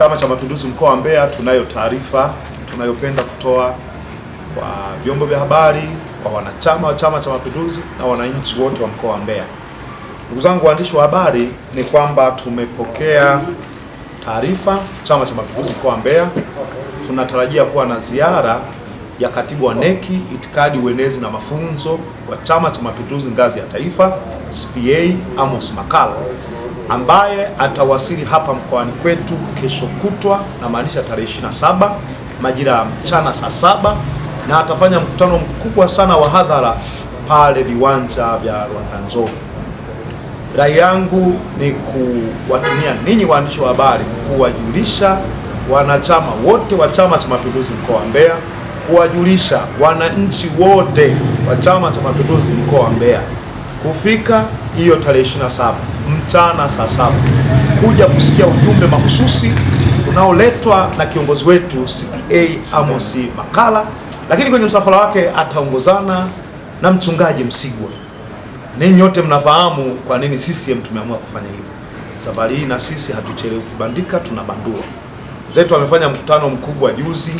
Chama cha Mapinduzi mkoa wa Mbeya, tunayo taarifa tunayopenda kutoa kwa vyombo vya habari, kwa wanachama wa Chama cha Mapinduzi na wananchi wote wa mkoa wa Mbeya. Ndugu zangu waandishi wa habari, ni kwamba tumepokea taarifa, Chama cha Mapinduzi mkoa wa Mbeya tunatarajia kuwa na ziara ya katibu wa neki itikadi uenezi na mafunzo wa Chama cha Mapinduzi ngazi ya taifa CPA Amos Makalla ambaye atawasili hapa mkoani kwetu kesho kutwa, na maanisha tarehe 27 majira ya mchana saa saba, na atafanya mkutano mkubwa sana wa hadhara pale viwanja vya nzovu Rai yangu ni kuwatumia ninyi waandishi wa habari kuwajulisha wanachama wote wa Chama cha Mapinduzi mkoa wa Mbeya kuwajulisha wananchi wote wa Chama cha Mapinduzi mkoa wa Mbeya kufika hiyo tarehe 27 mchana saa saba kuja kusikia ujumbe mahususi unaoletwa na kiongozi wetu CPA Amos Makala, lakini kwenye msafara wake ataongozana na mchungaji Msigwa. Ninyi nyote mnafahamu kwa nini CCM tumeamua kufanya hivyo. Safari hii na sisi hatuchelewi kibandika, tunabandua. Wenzetu wamefanya mkutano mkubwa juzi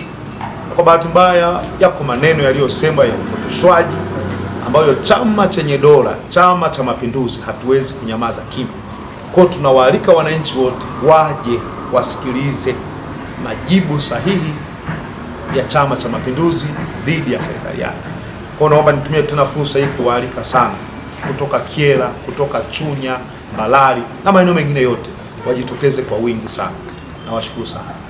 na kwa bahati mbaya yako maneno yaliyosemwa ya upotoshwaji ambayo chama chenye dola, Chama cha Mapinduzi, hatuwezi kunyamaza kimya. Kwa tunawaalika wananchi wote waje wasikilize majibu sahihi ya Chama cha Mapinduzi dhidi ya serikali yake. Kwa naomba nitumie tena fursa hii kuwaalika sana kutoka Kyela, kutoka Chunya, Mbalali na maeneo mengine yote wajitokeze kwa wingi sana. Nawashukuru sana.